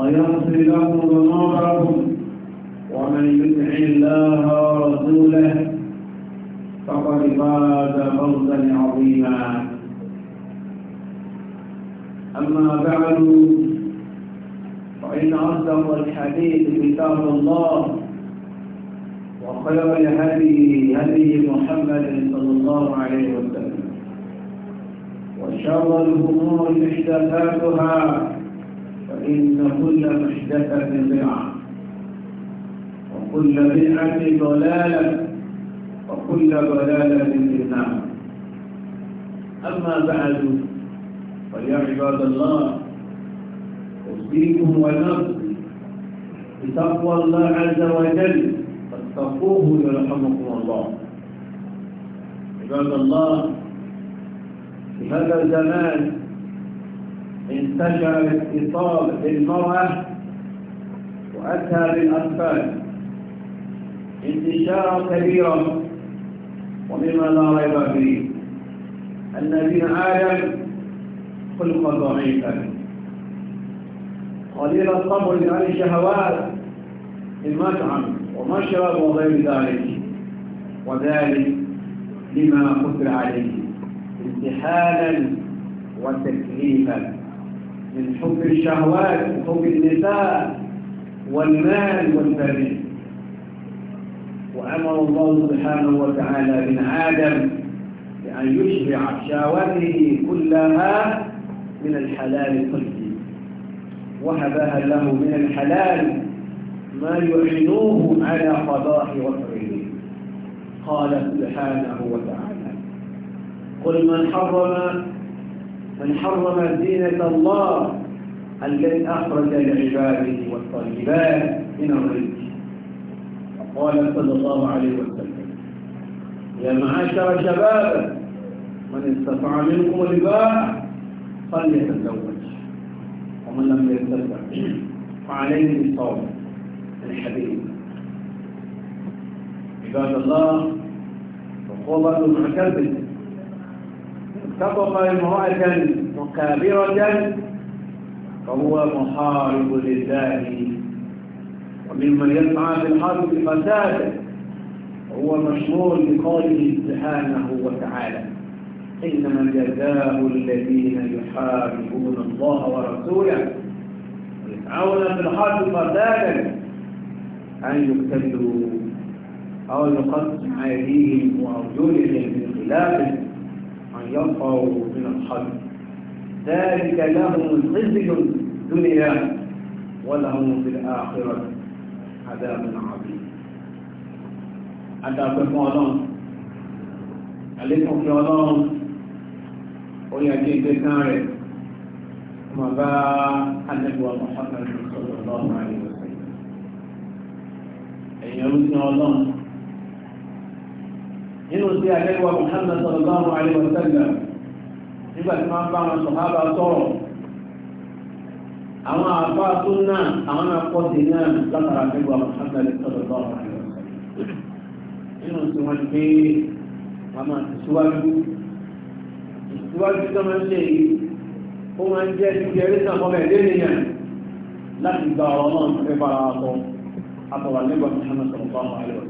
ويغفر لكم ذنوبكم ومن يطع الله ورسوله فقد فاز فوزا عظيما اما بعد فان اصدق الحديث كتاب الله وخير الهدي هدي محمد صلى الله عليه وسلم وشر الامور محدثاتها فإن كل محدثة بدعة وكل بدعة ضلالة وكل ضلالة في النار أما بعد فيا عباد الله أوصيكم ونفسي بتقوى الله عز وجل فاتقوه يرحمكم الله عباد الله في هذا الزمان انتشر الاتصال بالمرأة وأتى بالأطفال انتشارا كبيرا ومما لا ريب فيه أن ابن آدم خلق ضعيفا قليل الصبر عن الشهوات من مطعم ومشرب وغير ذلك وذلك لما قدر عليه امتحانا وتكليفا من حب الشهوات حب النساء والمال والبنين وأمر الله سبحانه وتعالى من آدم بأن يشبع شهواته كلها من الحلال الطيب وهبها له من الحلال ما يعينوه على قضاء وفره قال سبحانه وتعالى قل من حرم من حرم زينة الله التي أخرج لعباده والطيبات من الرزق فقال صلى الله عليه وسلم يا معاشر شباب من استطاع منكم الباء فليتزوج ومن لم يستطع فعليه بالصوم الحديث عباد الله وقوة المعتبر سبق امرأة مكابرة فهو محارب لله وممن يسعى في الحرب فسادا هو مشمول بقوله سبحانه وتعالى إنما جزاء الذين يحاربون الله ورسوله ويسعون في الحرب فسادا أن يقتلوا أو يقطع أيديهم وأرجلهم من خلافه يقع من الخلق ذلك لهم خزي الدنيا ولهم في الآخرة عذاب عظيم أدعى بفعلهم عليكم في الله ويأتي بكاره ثم باع النبي محمد صلى الله عليه وسلم أي يرسل الله nínú sí àlẹ́wà Muhammad sallallahu alaihi wa sallam nígbà tí wọ́n bá wọn sọ̀hábà sọ̀rọ̀ àwọn àbá tó náà àwọn náà pọ̀ sí náà látara àlẹ́wà Muhammad sallallahu alaihi wa sallam nínú sí wọn pé máa ń ṣe yìí ó máa ń jẹ́ ibi ẹ̀rí náà fọ́mọ̀ ẹ̀dẹ́ láti gba ọ̀rọ̀ náà fẹ́ bára wa sọ àtọ̀wà nígbà Muhammad sallallahu alaihi wa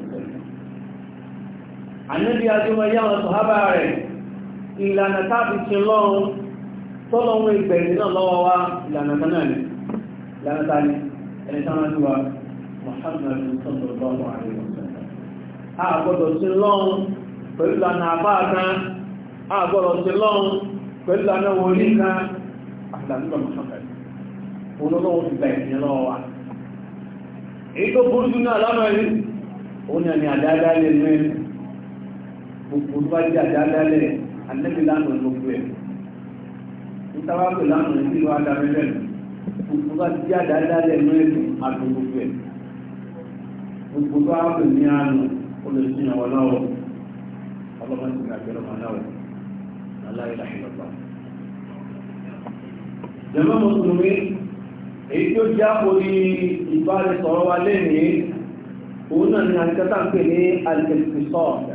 ànábì adúmọ̀ yá wọn sọ̀hábà rẹ̀ ìlànà táàbì ti lọ́run tọ́lọ́run ìgbẹ̀rẹ̀ náà lọ́wọ́ wa ìlànà kan náà ni ìlànà ta ni ẹni táwọn ti wa Muhammad sallallahu alaihi wasallam a gbọ́dọ̀ sí lọ́run a gbọ́dọ̀ sí lọ́run pẹ̀lú ìlànà wòlíì kan àtàlùkọ̀ Muhammad olólọ́wọ́ ti gba ìpín lọ́wọ́ wa èyí tó burú jù náà lọ́nà yìí ó ní àdáadáa lè mú gbogbo tó bá jẹ́ àdádálẹ̀ ànẹ́bí lánàá gbogbo ẹ̀ nítawa pè lánàá ní ìlú adámẹ́lẹ̀ gbogbo bá jẹ́ àdádálẹ̀ mẹ́rin àti gbogbo ẹ̀ gbogbo tó bá pè ní àná olùsìn àwọn náà ọlọ́mọdé ní àgbẹ̀rọ̀mọ náà aláìláìlọ́gbà. jẹ́mọ́ mùsùlùmí èyí tó já orí ìbáraẹ̀sọ̀rọ̀ wa lẹ́yìn òun náà ni àti pè ní alẹ́kùsọ̀ọ̀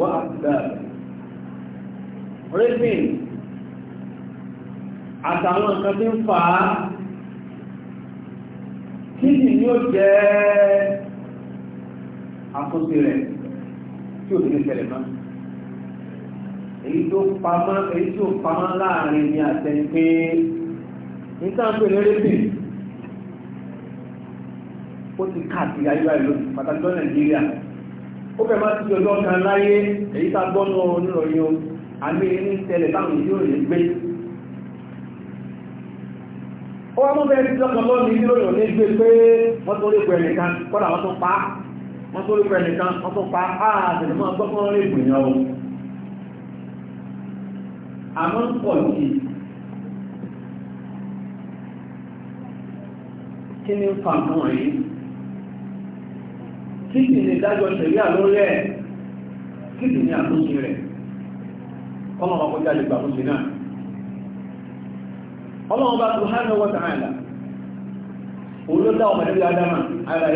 وأسباب reason àtàwọn nǹkan tí ń fà á kí ni yóò jẹ́ àkóso rẹ̀ tí ò ní ṣẹlẹ̀ máa èyí tó pamọ́ èyí tó pamọ́ láàrin ní àtẹni pé nígbà tó ní rẹ́pìn ó ti káàkiri ayé báyìí lónìí pàtàkì lọ Nàìjíríà ó fẹ́ máa ti di ọjọ́ kan láyé èyí tá a gbọ́ o àmì ní tẹ́lẹ̀ táwọn ìdí òní gbé ó wá mọ́ bẹ́ẹ̀ ti lọ́kàn lọ́nà ìdí òní òní gbé pé wọ́n tó lè pọ̀ ẹnìkan kọ́dà wọ́n tó pa wọ́n tó lè pọ̀ ẹnìkan wọ́n tó pa á àtẹ̀lẹ̀ máa gbọ́ fún lè pè o àmọ́ ń pọ̀ sí kí ni ń fa àwọn yìí kí sì ní ìdájọ́ ṣẹ̀ríà lórí ẹ̀ kí ní àtúnṣe rẹ̀ ọlọ́run ọkọ̀ jáde gbàmúṣe náà ọlọ́run bá tó hánà wọ́n tàn àìlà ọmọ ẹ̀dẹ́gbẹ̀ adama àìlà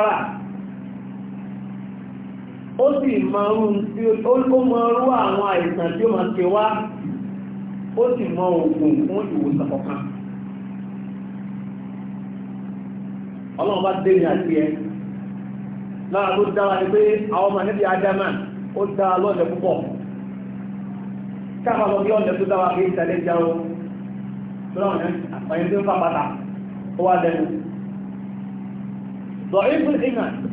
yẹn ó sì máa ń tí ó máa rú àwọn àìsàn tí ó máa ṣe wá ó sì mọ òògùn fún ìwòsàn ọlọ́run bá dé ní àti ẹ lára dára pé àwọn ọmọ níbi adama ó dára púpọ̀ bí tó dára jẹun tó ń fà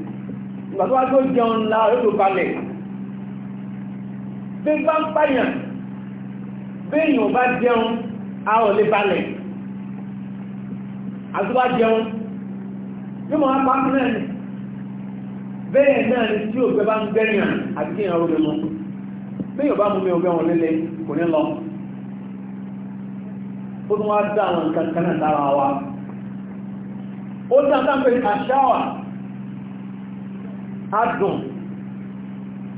pàtó wá tó jẹun ńlá yóò tó balẹ̀ bí bá ń pààyàn béèyàn bá jẹun a ò lè balẹ̀ àtúbá jẹun yóò máa pa á náà ni bẹ́ẹ̀ náà ni tí òfẹ́ bá ń gbẹ́yàn àti kí ìyàwó mímú bí yóò bá mú mi òfẹ́ wọn lélẹ̀ kò ní lọ ó tún wá dá àwọn nǹkan kan náà dára wa ó dá sáńpé àṣáwà adùn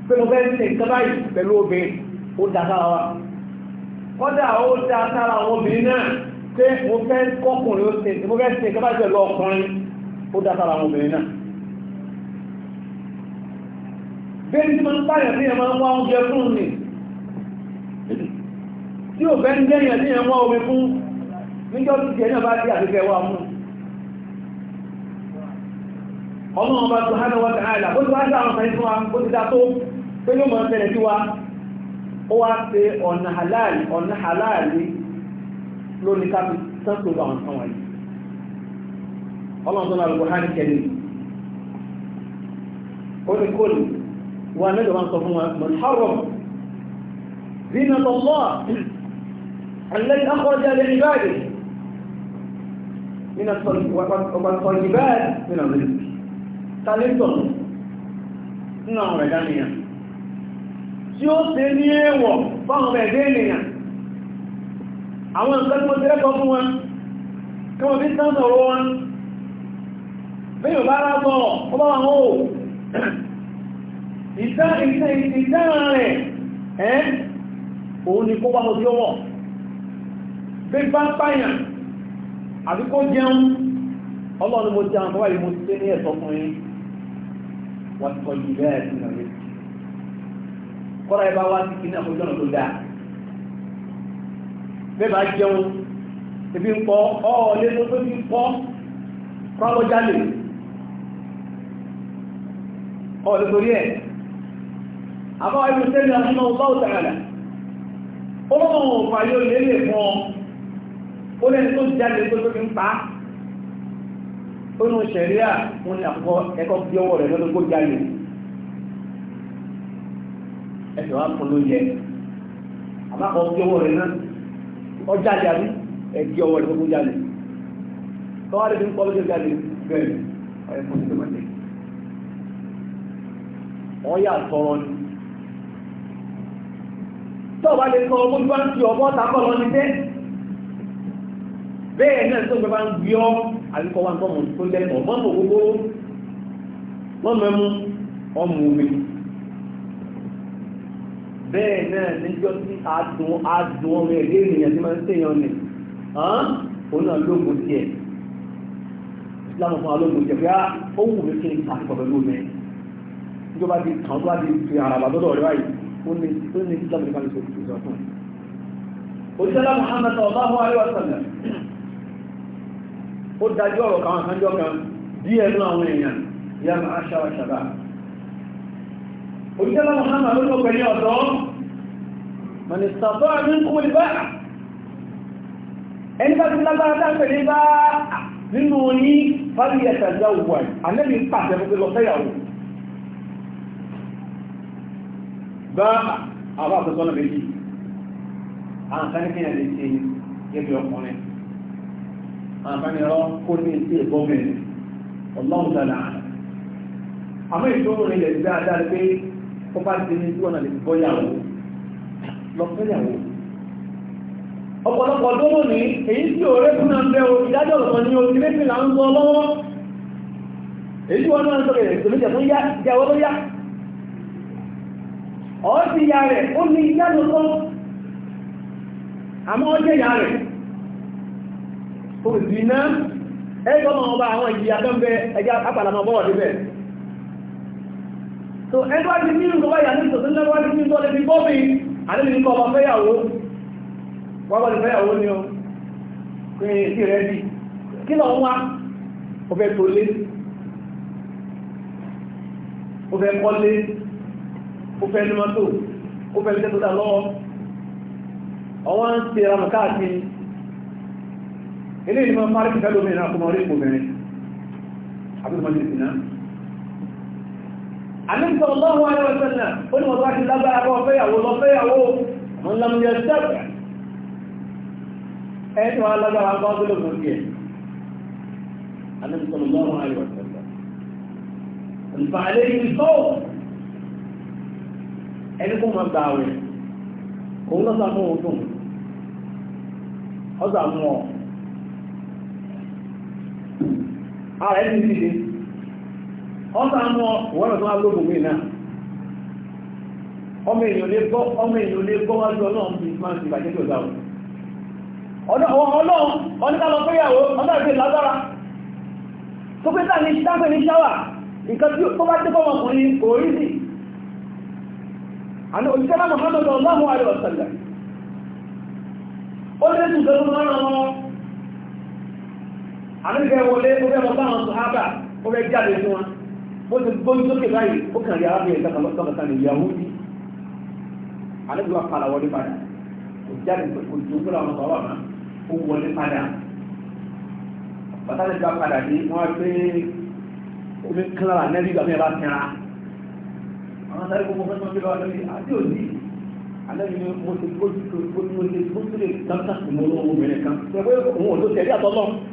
pé mo fẹ́ ṣe nǹkan báyìí pẹ̀lú obìnrin ó da sára wa kọ́dà ó da sára àwọn obìnrin náà pé mo fẹ́ kọ́kùnrin ó ṣe mo fẹ́ ṣe nǹkan báyìí pẹ̀lú ọkùnrin ó da sára àwọn obìnrin náà. bẹ́ẹ̀ ni máa ń báyọ̀ sí ẹ̀ máa ń wá oúnjẹ fún mi tí ò bẹ́ẹ̀ ń jẹ́yàn sí ẹ̀ omi fún níjọ́ tí ìjẹ́ náà bá dé àfikẹ́ mú ọlọ́run ọba tó hánà wọ́n tààlà ó ti wá sí àwọn sàìsàn wa ó ti dá tó pé ló mọ̀ ń tẹ̀lẹ̀ sí wa ó wá ṣe ọ̀nà halal ọ̀nà halal lónìí káfí sẹ́ńtò àwọn sàn wáyé ọlọ́run tó lọ lọ́wọ́ hánì kẹ́lẹ́ ó ní kóòlù wa nílò wọn sọ fún wa mọ̀tárọ̀ zina tọ́lọ́ الذي أخرج لعباده من الطيبات من الرزق tàlẹ́tọ̀ nínú àwọn ẹ̀dá nìyàn tí ó ṣe ní ẹ̀wọ̀ fáwọn ẹ̀dá ènìyàn àwọn nǹkan tí mo ti rẹ́kọ̀ọ́ fún wọn kí wọ́n fi tán sọ̀rọ̀ wọn bí yóò bá rábọ̀ ó bá wọn ó ìtẹ́ràn rẹ̀ ẹ́ òun ni kó wá lọ sí ọwọ́ bí bá pààyàn àbí kó jẹun ọlọ́run mo jẹun tó wáyé mo ti ní ẹ̀tọ́ fún yín wọ́n kọ́ yìí bẹ́ẹ̀ sí náà lé. kọ́ra ẹ bá wá sí kíní àkójọ náà tó dáa. bẹ́ẹ̀ bá jẹun ebi ń pọ́ ọ́ lé tó tó ti pọ́ kọ́lọ́ jálè. ọ̀ lè torí ẹ̀. àbá wa yóò sẹ́yìn àti náà bá òtà àlà. ó lọ́wọ́ fàyọ̀ lélẹ̀ fún ọ. ó lẹ́ni tó jálè tó tó ti ń pa á onú sẹ̀ríà wọn ni àkọ́kọ́ ẹ̀kọ́ bí ọwọ́ rẹ̀ lọ́dún kó jáde ẹ̀sẹ̀ wa fún ló yẹ àbákọ́ bí ọwọ́ rẹ̀ náà ọ jáde àbí ẹ̀bí ọwọ́ rẹ̀ kó jáde tọ́wọ́ rẹ̀ fi ń kọ́ lójú jáde bẹ́ẹ̀ ọ̀yẹ́ fún ìdókòwò tẹ̀ wọ́n yà sọ̀rọ̀ ni tọ́ọ̀bá lè sọ ọmọ ìgbà ń fi ọ̀bọ̀ tàbọ̀ lọ ní tẹ́ bẹ́ẹ̀ náà tó gbẹ àbíkọ́ wa ń tọ́ mọ̀ tó lẹ́tọ̀ mọ́mọ̀ gbogbo mọ́mọ̀ ẹmu ọmọ omi bẹ́ẹ̀ náà níjọ́ tí adùn adùn ọmọ ẹ̀dẹ́ ènìyàn tí máa ń tẹ̀yàn nì òun náà ló mọ̀ tiẹ̀ láwọn fún alóòmù jẹ pé ah, ó wù mí kí n tàbí pọ̀ pẹ̀lú mi níjọba ti kàn tó bá ti fi àràbà tọ́dọ̀ rẹ báyìí ó ní ó ní ìsìlámù nípa ìṣòro ìṣòro fún un. òṣìṣẹ́ lá ó dájú ọ̀rọ̀ kan àkánjọ́ kan bí ẹnu àwọn èèyàn ya ma aṣára ṣàbá òjẹ́lá Muhammad ló pẹ̀lú ọ̀dọ́ mọ̀nìsàtọ́ àmì kú ìbá ẹni bá ti lágbára dápẹ̀lú bá nínú ní fàbí ẹ̀tàjá àbánirọ́ kó ní sí ìbọ́mẹ̀ ọlọ́ọ̀dàlà àmọ́ ìṣòro ilẹ̀ ti dáadáa pé ó bá ti ní ìdúwọ̀n àti ìbọ́yàwó lọ́fẹ́yàwó ọ̀pọ̀lọpọ̀ dọ́wọ́ ní èyí tí ó rẹ́ fún náà bẹ́ o ìdájọ́ ọ̀sán ní oṣù méjì là ń sọ lọ́wọ́ èyí wọn náà sọ̀rọ̀ ètò méjì tó yá jẹ́wọ́ tó yá ọ̀ọ́ ti ya rẹ̀ ó ní ìyá lọ́sọ́ àmọ́ ó ìyá rẹ̀ òzìná ẹgbẹ́ ọmọ ọba àwọn ìjìyà tó ń bẹ ẹjá apàlàmọ́ bọ́ọ̀ níbẹ̀ so ẹgbẹ́ ti ní ìrùn wáyà ní ìtòsí lẹ́wọ́ ti ní ìtọ́lẹ́bí bọ́bí ọwọ́n ti ra mọ̀ káàkiri ilé ìlú máa rí ìfẹ́lómi ìrìn àkọmọ orí ìpòmìnrin àbúrúmọ́sílẹ̀ àmìsọ̀ ọlọ́run aláwọ̀sẹ́lẹ̀ ó ní wọ́n bá ti lágbára bọ́ fẹ́yàwó lọ fẹ́yàwó wọn lámúyẹ sẹ́pẹ̀ ẹni wọ́n alágbára bọ́ sílò mọ́ sí ẹ̀ àmìsọ̀ ọlọ́run aláwọ̀sẹ́lẹ̀ ìfààlẹ́ ìlú ara ẹni dìde ọ̀sà ń mọ ìwọ́nà tó wá lóògùn mí náà ọmọ èèyàn lè gbọ́ ọmọ èèyàn lè gbọ́ wájú ọlọ́run bí máa ti bàjẹ́ tó dáwọ̀ ọlọ́run ọdíkàlọ péyàwó ọdọ́rẹ̀ pé lágbára tó pé tàà ní ṣáfẹ́ ní ṣáwà nǹkan tí ó bá tẹ́kọ́ ọmọkùnrin orí sí àni òṣìṣẹ́lá Muhammadu ọlọ́run àrẹ ọ̀sẹ̀lẹ̀ ó lé àmìfẹ́ wọlé ó fẹ́ lọ bá àwọn sọ̀hábà ó fẹ́ jáde fún wọn ó ti gbójú sókè báyìí ó kàn rí arábìnrin ìjọba lọ́sọ̀kọ̀ta ní ìyàwó ní àlejò apàlà wọlé padà kò jáde kò ju fúnra wọn sọ̀rọ̀ àmà ó wọlé padà bàtà lẹ́jọ́ padà ní wọ́n gbé omi kílára nẹ́bí ìgbà mẹ́ta tẹ́ra àwọn sáré gbogbo fẹ́ sọ́jú lọ́wọ́ lórí àti òní alẹ́bí ni mo ti gbójú lórí gbójú lórí gbójú lórí gbójú lórí gbójú lórí gbójú lórí gbójú lórí gbójú lórí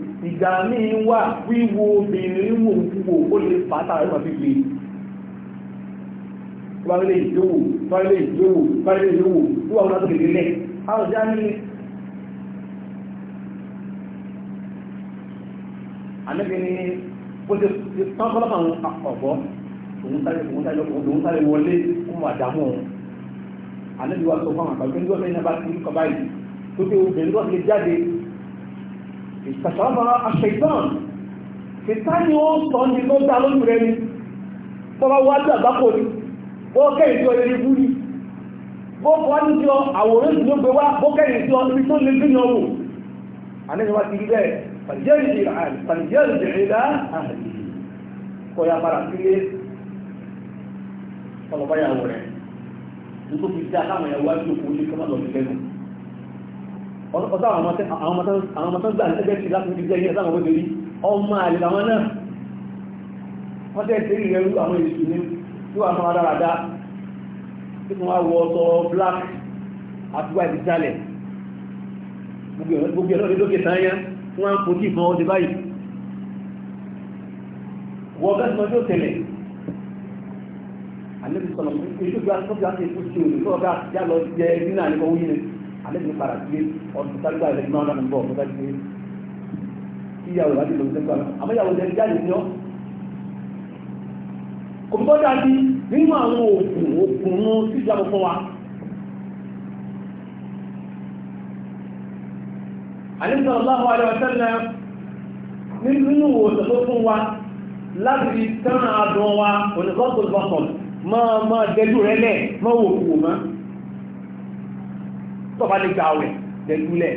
ìgbà míì wà wíwo obìnrin wò wò ó lè fà á tààrà ìwọ̀n fífi tọ́lẹ̀ ìjówò tọ́lẹ̀ ìjówò tọ́lẹ̀ ìjówò tó wà látọ̀ lè lẹ́ àwọn ìjá ní àlẹ́gbẹ̀ ní ó ti tọ́kọ́lọ́pàá ọ̀gbọ́ òun sáré wọlé fún àdámù ọ̀hún àlẹ́gbẹ̀ wá sọ fún àwọn àgbàgbẹ́ nígbọ́sẹ̀ ní abá ìtàkàbà aṣẹ́gbọ́n títà ni ó sọ ní tó dá lójú rẹ ni bọ́bá wá sí àgbákò ni ó kẹ́yìn tí ó lè bú ni bó kọ́ ní tí ọ àwòrán tí ó gbé wá bó kẹ́yìn tí tó lè gbìyàn wò àníyàn ti rí bẹ́ẹ̀ pàdéjẹ́rì ti rà áì pàdéjẹ́rì ti rí rà áì kọ́ ya para sílé ọlọ́báyàwó rẹ̀ nítorí tí a káwọn ẹ̀wá tó kú ní kọ́mọ́lọ́ ọ̀sọ́ àwọn ọmọ tán gbà ní ẹgbẹ́ ti láti fi jẹ́ ìyẹn sáwọn òjòrí ọmọ àlè àwọn náà wọ́n tẹ́ tẹ́rì rẹ̀ rú àwọn èsù ní tí wà máa dáradá tí wọ́n wọ ọ̀sọ̀ black àti white jálẹ̀ gbogbo ẹ̀lọ́dẹ́ lókè sáyá wọ́n á kò tí ìfọn ọdẹ báyìí wọ́n bẹ́ẹ̀ sọ yóò tẹ̀lẹ̀ àlébìsọ̀nà ìṣògbà tó fi á ti kú sí òní lọ́ọ̀dá yálọ jẹ nínú àníkọ̀ wúyí ni alẹ́ mi padà gbé ọdún sáré àlẹ́ mi náà bọ̀ ọdún sáré gbé ìyàwó láti lòun sẹ́kọ̀ọ́ náà àmọ́ ìyàwó jẹ́ jáde ní ọ́ kò tó dájú nínú àwọn òògùn òògùn sí ìjọba fún wa àlẹ́ sọ̀rọ̀ láwọn àlẹ́ wa sẹ́lẹ̀ nínú òòsàn tó fún wa láti fi tán àdùn wa ònìkọ́ tó bọ̀ máa máa dẹjú rẹ lẹ̀ máa wò wò máa tọ́ba lè gba àwẹ̀ tẹ̀lúlẹ̀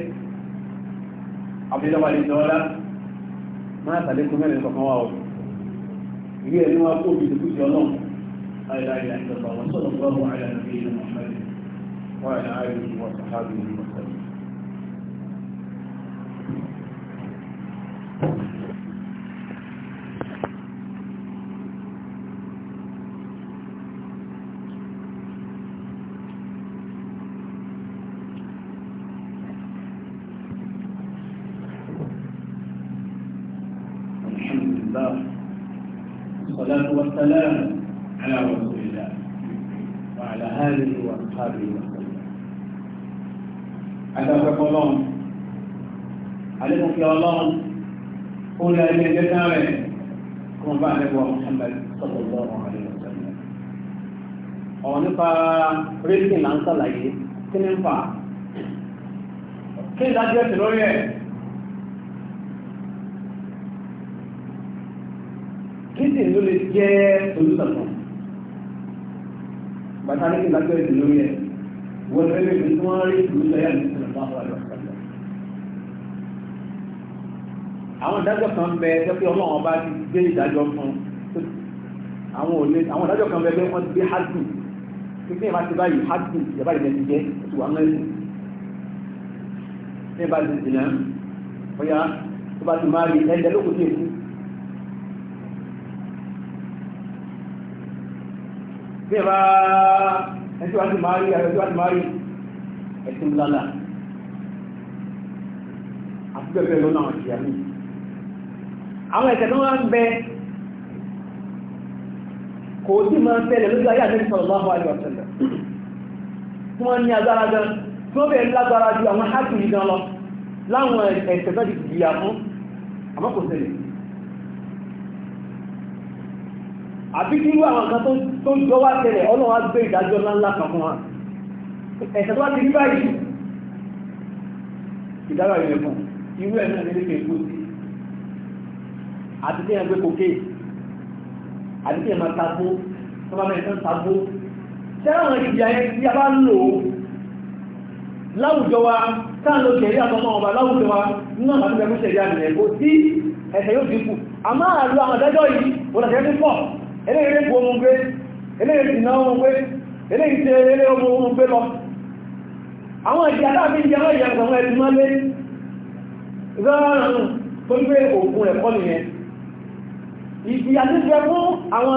àbíjọba lè jọ ọlá máa tàlékún mẹ́rin kọ̀kan wà ọ̀rọ̀ ilé ẹni wá kó òbí ìdíkú jọ náà aláìláìlá ìjọba wọn sọ̀rọ̀ bọ́ wọn àyà nàbí ilé mọ̀mọ́lẹ̀ wọn àyà àyè wọn sàhábì ìlú mọ̀sẹ̀lẹ̀ والسلام على رسول الله وعلى آله وأصحابه وسلم أدرك الله علمك يا الله قول أن جنابه كما بعد محمد صلى الله عليه وسلم ونفع رزق الأنصار لأيه كنفع كيف أجلت رؤيه kíndìn ló lè jẹ́ olùsọ̀tàn bàtà ní ìgbàgbọ́ ìdè lórí ẹ̀ wọ́n fẹ́ lè fi tí wọ́n rí ìlú sọ́yà ní ìsìnkú àwọn àlọ́ àwọn ìdájọ́ kan bẹ ẹgbẹ́ pé ọlọ́run ọba ti gbé ìdájọ́ fún àwọn òní àwọn ìdájọ́ kan bẹ pé wọ́n ti gbé hadu pípín ìbá ti báyìí hadu ìjọba ìjẹ́ ti jẹ́ oṣù wa mẹ́rin ní ìbá ti dìnnà bóyá tó bá ti máa rí ẹ̀ẹ́dẹ́ bí ẹ bá ẹtí wá sí máa rí ẹtí wá sí máa rí ẹtí ńláńlá àti bẹ́ẹ̀ bẹ́ẹ̀ lọ́nà àwọn ìyá mi. àwọn ẹ̀sẹ̀ tó máa ń bẹ kò sí máa ń tẹ̀lé lójú ayé àti sallallahu alaihi wasallam tí wọ́n ní agbára gan tí wọ́n bẹ̀rẹ̀ lágbára ju àwọn hákìrì gan lọ láwọn ẹ̀sẹ̀ tó ti dìyà fún àmọ́ kò ṣẹlẹ̀ àbí kí irú àwọn kan tó jọ wá tẹ̀lé ọlọ́wà gbé ìdájọ́ ńláńlá kan fún wa ẹ̀sẹ̀ tó wá ti rí báyìí ìdára ìrìn fún irú ẹ̀ náà nílé kéèkó sí àti tí ẹgbẹ́ kòkè àti tí ẹ̀mà tagbó tó bá mẹ́rin tagbó tẹ́ràn ìdí ayé tí a bá ń lò ó láwùjọ wa táà ló tẹ̀lé àtọmọ ọba láwùjọ wa nínú àwọn àti ìgbàgbọ́sẹ̀ ìdí àmì ẹ̀kọ́ sí ẹ̀sẹ̀ yóò dínkù àmọ́ àlọ́ àwọn adájọ́ yìí ó eléyìí rẹ̀ ohun gbé eléyìí ìsìnà ohun gbé eléyìí tẹ́ ilé ọmọ ohun gbé lọ àwọn ìdí aláàbí ìdí àwọn ìyà àwọn máa lé rọrùn tó gbé ògùn ẹ̀kọ́ nìyẹn ìdí àtúnṣe fún àwọn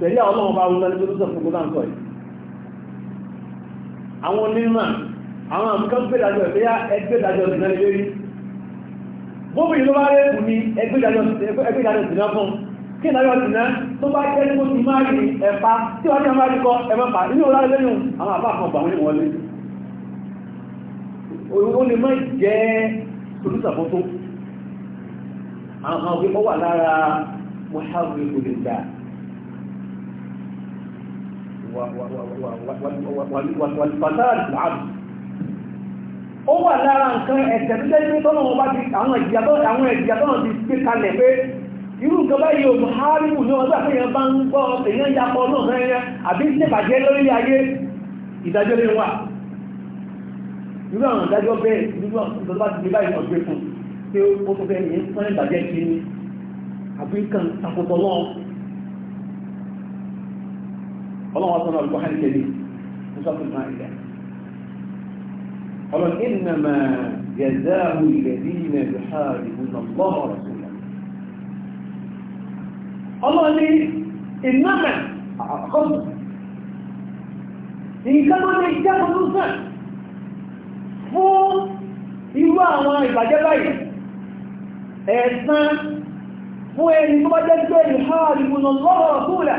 ẹ̀sẹ̀ àwọn onímọ̀ àwọn àmúkọ́ gbẹ́dájọ́ ìfẹ́yà ẹgbẹ́dájọ́ ìdíná lórí gómìnà ló bá rẹ̀ kù ní ẹgbẹ́dájọ́ ìdíná fún kí ìdájọ́ ìdíná tó bá jẹ́ ní kó ti máa rí ẹ̀fà tí wọ́n ní àwọn àríkọ́ ẹ̀mọ́fà inú ọlá lẹ́yìn àwọn àbá kan gbà wọ́n wọlé ó lè má jẹ́ solúsàfótó àwọn òfin wà lára mọ̀ṣáwé olùdá wàlúfàtà àdùn ó wà lára nǹkan ẹ̀sẹ̀ tó jẹ́ tọ́nà a bá ti àwọn ìjìyà tọ́nà ti gbé kalẹ̀ pé irú nǹkan báyìí òun haribu ní ọjọ́ àfihàn bá ń gbọ́ èèyàn yapọ̀ náà rẹ̀yẹn àbí ṣèbàjẹ́ lórí ayé ìdájọ́ lè wà irú àwọn ìdájọ́ bẹ́ẹ̀ irú àwọn bá ti báyìí ọ̀gbẹ́ fún pé ó tó fẹ́ yẹn fún ìbàjẹ́ àbí ọlọ́run ìnàmà jẹ̀záàmù ìrẹ̀bí ilẹ̀ ìhàrí ìbùnàmọ́ ọlọ́run ní ìnàmà àkọ́kọ́ nǹkan tó ní ìjẹ́kùn tó sàn fún irú àwọn ìbàjẹ́ báyìí ẹ̀san fún ẹni tó bá jẹ́ pé ìhàrí ìbùnàmọ́ ọ̀túnlẹ̀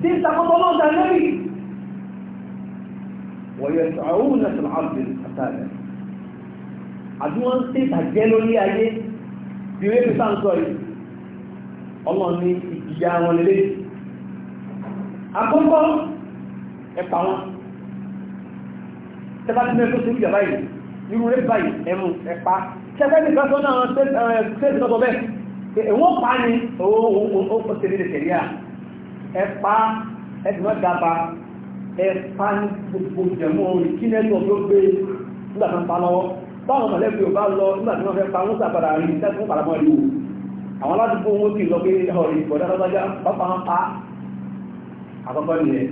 tí ìtàkọ́tọ́ náà dà lẹ́yìn wọ̀yẹ̀ sàúnà àtàrẹ àbí wọ́n ń ṣe ìtàjẹ́ lórí ayé bí wọ́n fi sáǹsọ yìí ọmọ ní ìjìyà wọn lé àkọ́kọ́ ẹ̀pà wọn tẹ́bá tí mẹ́rin tó ṣe ìjọba yìí irú rẹ̀ báyìí ẹ̀mù ẹ̀pà tẹ́fẹ́ nìkan tó náà ṣe ìtọ́tọ̀ bẹ́ẹ̀ èwọ́n pa ni ó ṣe lè tẹ̀lé à ẹ̀pà ẹ̀dùnmọ́ dàbà ẹ̀pà ní gbogbo ìjẹ̀mú orí kí nẹ́tọ̀ tó gbé nígbà tó ń pa lọ́wọ́ báwọn mọ̀lẹ́bí ò bá lọ nígbà tí wọ́n fẹ́ pa wọ́n sàpadà rí sẹ́fún paramọ́ ìlú àwọn aládùúgbò wọn sì lọ pé ọ̀rẹ́ ìbọ̀dá lọ́gbájá pápá ń pa àkọ́kọ́ nìyẹn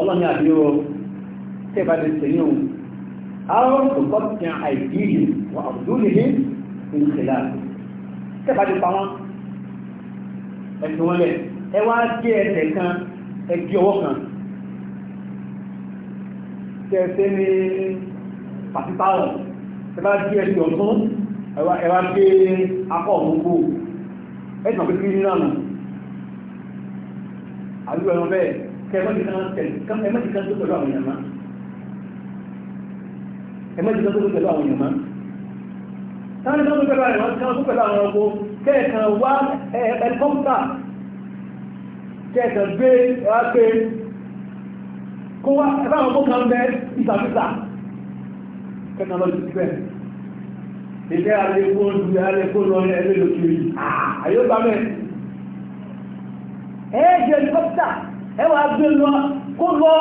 ọlọ́ni àdúró tẹ́ bá lè sẹ́yìn òun àwọn kòkó ti hàn àìdíyì wọn àbùdó lè pàtí táwọn ẹ bá di ẹsẹ̀ ọ̀tún ẹ wá gbé akọ òmùgbò ẹ tàn pé kí nínú àná àdúgbò ẹran bẹ́ẹ̀ kẹ ẹ mọ́tì kan tẹ̀lé ẹ mọ́tì kan tó pẹ̀lú àwọn èèyàn má ẹ mọ́tì kan tó pẹ̀lú àwọn èèyàn má táwọn ẹ̀kan tó pẹ̀lú àwọn èèyàn kan tó pẹ̀lú àwọn ọkọ kẹ́ẹ̀kan wá ẹ̀ẹ́dẹ́kọ́ńtà kẹ́ẹ̀kan gbé ẹ̀ wá gbé kó wá ẹ bá àwọn ọkọ kan bẹ ìtàkùtà technology bẹ́ẹ̀ ìfẹ́ alẹ́kóòdù alẹ́kóòdù ọ̀rẹ́ ẹgbẹ́ lókèrè àyọ́bàmẹ́ ẹ̀ẹ́jẹ̀ helicopter ẹwà gbé lọ kó lọ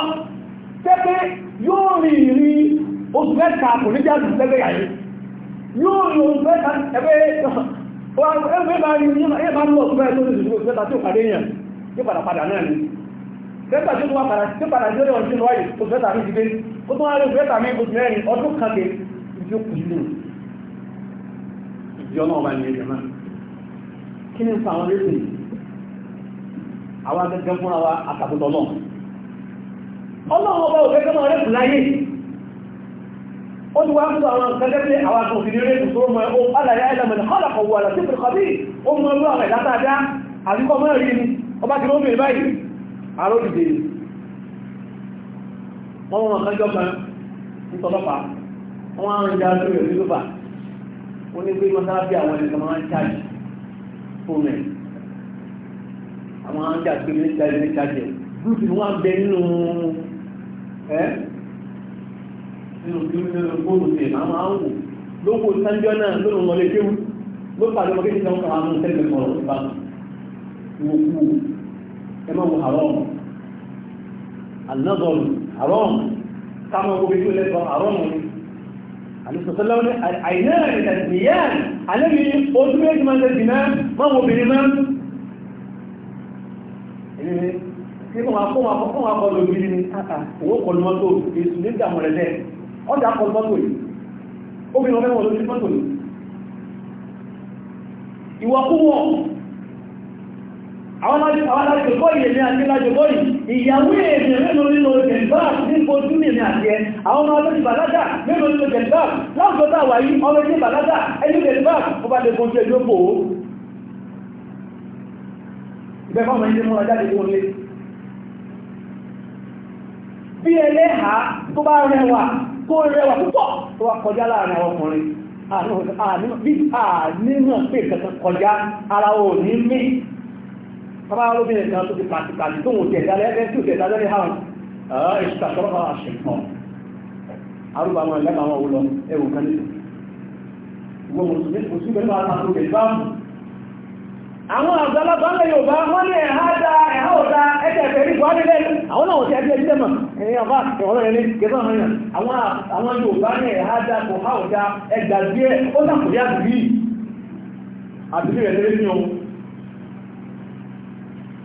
tẹ́gbẹ́ yóò rí rí oṣù mẹ́ta kò ní jáde lẹ́gbẹ́ yàrí yóò rí oṣù mẹ́ta ẹgbẹ́ ẹgbẹ́ bá rí ní ẹgbẹ́ bá ń lọ oṣù mẹ́ta tó lẹ́gbà tó wà padà tó padà lórí ọdún ìlú wáyé oṣù mẹ́ta mi dìde ó tún wá lórí oṣù mẹ́ta mi oṣù mẹ́rin ọdún kan lè ìdí òkú ìlú ìdí ọ̀nà ọba ìyẹn jẹ náà kí ni nfa àwọn lẹ́sìn àwọn akẹ́kẹ́ fúnra wa àtàkùtọ̀ náà ọlọ́run ọba òfẹ́ kẹ́mọ̀ rẹ̀ kù láyé ó ti wá fún àwọn akẹ́kẹ́ pé àwọn akẹ́kẹ́ òfin rẹ̀ tó mọ̀ ó alàyé ẹlẹ́mọ̀lẹ́ hálàkọ̀ wà láti pẹ̀lú kọ́bí ó mọ̀ ọlọ́run ẹ̀ látàdá àbíkọ́ mọ́ aródìdè wọ́n wọ́n lọ́jọ́ kan nítọ́lọ́pàá wọ́n á rìn já lórí rẹ̀ nílùfà wọ́n ní pé mọ́sálábí àwọn ẹnìkan máa ń ṣáàjì fún rẹ̀ àwọn na gbé ní ṣáàjì ní ṣáàjì gúúsù ni wọ́n bẹ nínú ẹ́ nínú nínú fóònù sí ẹ̀ máa ń wò lóko sanjọ́ náà lónìí wọlé kéwù ló pàdé kan anọ́dọ̀lù àrọ́m káwọn ogun bíi ilé kan àrọ́m ni àlùsọ̀sọ́láwọ́ ní àìná ìrìnà ìyá alẹ́mi ojú méjì máa ń tẹ̀sí náà máa wọ obìnrin náà èmi ni kí wọ́n máa kọ́ máa kọ́ lóbi ni owó kọlu mọ́tò èsù nígbà mọ̀lẹ́lẹ́ ọ̀dà kọlu mọ́tò yìí obìnrin ọ̀fẹ́ wọn lóbi mọ́tò yìí ìwà kúwọ̀ àwọn alájòkó ìyèmí àti alájòkó ìyàwó èèmì mẹ́lò nínú jẹ̀gbà ní ojú mẹ́mì àti ẹ àwọn ọmọ alójì bàlágà mẹ́lò nínú jẹ̀gbà láàkọ́tà wà yí ọmọ ilé bàlágà ẹni jẹ̀gbà ó bá lè kọjú ẹjọ́ pò ó ìbẹ̀fọ́mọ̀ ilé múra jáde kó lé bí ẹlẹ́ha tó bá rẹwà kó rẹwà púpọ̀ tó wá kọjá láàrin àwọn ọkùnrin àníwọ̀n pé kọjá ara ò ní mí bàbá olóbìnrin kan tó ti pàtìpàtì tó ń tẹ̀ dálẹ́ ẹgbẹ́ tó tẹ̀ dálẹ́ ní hàn ìṣàkọ́rọ́ àṣẹ̀kọ́ arúgbó àwọn ẹ̀lẹ́gbà àwọn òun lọ ẹ̀wù kan nínú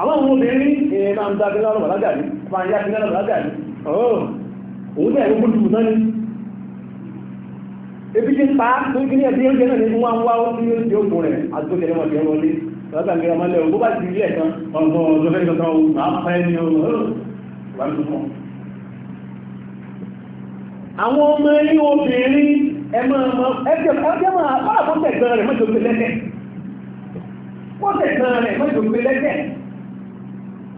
àwọn ohun obìnrin èèyàn máa ń dá bí lọ́rọ̀ bàlágà ní máa ń yá bí lọ́rọ̀ bàlágà ní òun náà ẹ̀rọ gbójú náà ni ebi ti pa tó kí ní ẹbí oúnjẹ náà ní wọ́n wá ó sí oúnjẹ òkú rẹ̀ àtúnṣe lẹ́wọ̀n jẹ́ wọlé lọ́gbà ń gẹ́ra máa lẹ́wọ̀n bó bá ti ilé ẹ̀kan ọ̀gbọ̀n ọ̀dọ́fẹ́ kankan ohun máa fẹ́ ní ohun wà ní túnmọ̀ àwọn ọmọ ẹni obìnrin ẹmọ ọmọ ẹgbẹ́ ọjọ́ máa fọ́nà fọ́nà ẹ̀gbọ́n rẹ̀ mọ́jọ́ gbé lẹ́gbẹ́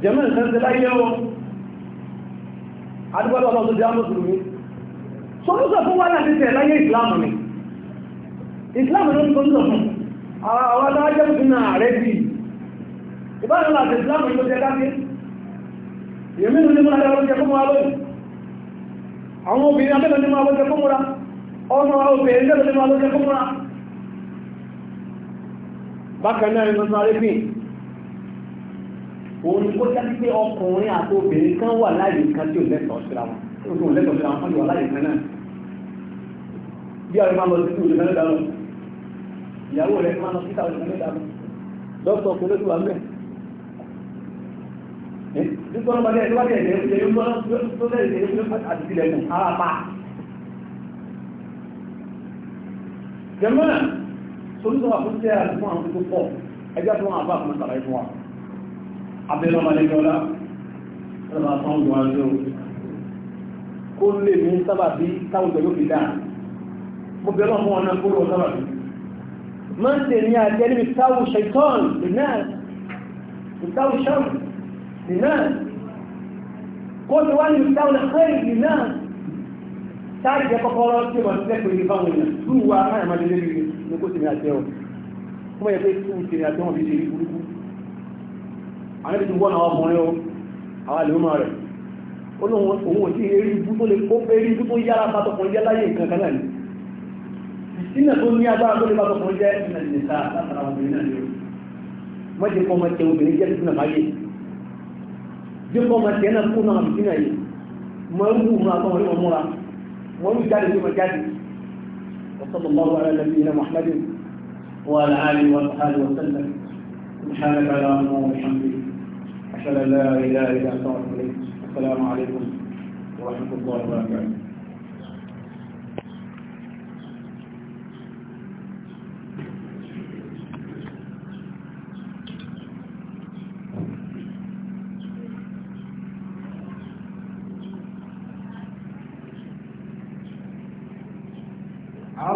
jẹ́mọ́ ìsẹ́n ti láyé ọ́ adúgbọ́dọ̀ ọlọ́dún jẹ́ mùsùlùmí sọ́lọ́sọ̀ fún wáyà ti tẹ̀ láyé ìsìláàmù ni ìsìláàmù ló ń tó ń sọ fún àwọn adájọ́ fún náà rẹ̀ bí ìbára láti ìsìláàmù ló jẹ́ káfí èmi ní múra ló jẹ́ fún wa lóyìn àwọn obìnrin abẹ́lẹ̀ ní múra ló jẹ́ fún múra ọmọ obìnrin abẹ́lẹ̀ ní múra ló jẹ́ fún múra bákan ni mo sọ òun ni kó sáré pé ọkùnrin àti obìnrin kan wà láàyè kan tí ò lẹ́tọ̀ọ́ síra wọn tí ò lẹ́tọ̀ọ́ síra wọn wọ́n wà láàyè kan náà bí àwọn ìmọ̀ lọ sí ìlú ìfẹ́ lọ́dà lọ ìyàwó rẹ̀ máa lọ sí ìtàwọn ìfẹ́ lọ́dà lọ dókítà ọkùnrin lójú wa mẹ́ nítorí wọn bá dé ẹ̀dínwá dé ẹ̀dínwá dé ẹ̀dínwá tó dé ẹ̀dínwá àti tilẹ̀ kù jẹ́mọ́nà solúsọ àkóso àti fún àwọn tó pọ̀ ẹgbẹ́ tó wọn àbá àfọmọ́sàlàyé fún wa abẹ́rẹ́ ọmọdéjọ́lá ọlọ́pàá fún ọgbọ̀n àjọ kó lè mú sábàbí táwùjọ ló fi dáa mo bẹ̀rẹ̀ ọmọ ọ̀nà kúrò sábàbí máa ń tẹ̀ ní àjẹ́ níbi táwù ṣẹ̀tọ́n ìnáà ìtáwù ṣọ́n ìnáà kó ti wá ní ìtáwù ṣẹ́yìn ìnáà táàrí jẹ́ kọ́kọ́rọ́ tí wọ́n ti lẹ́kọ̀ọ́ ìdí fáwọn èèyàn tú wa máa máa àwọn ibi wọ́n àwọn ọkùnrin o àwọn àlèmọ́ rẹ̀ ó lóun òun tí erí ibú tó lè kó erí ibú tó yára bátọkùnrin jẹ́ láyé nǹkan kan náà ni ìsínà tó ní agbára tó lè bátọkùnrin jẹ́ ìsínà lè ta látara obìnrin náà ni o mọ́jẹ́ kọ́ máa tẹ obìnrin jẹ́ ìsínà báyé jẹ́ kọ́ máa tẹ náà kó náà ìsínà yìí máa ń wù máa tọ́ wọn ní wọn múra wọn ń jáde tó máa jáde وصلى الله على نبينا محمد وعلى اله وصحبه وسلم سبحانك اللهم وبحمدك أشهد أن لا إله إلا أنت السلام عليكم ورحمة الله وبركاته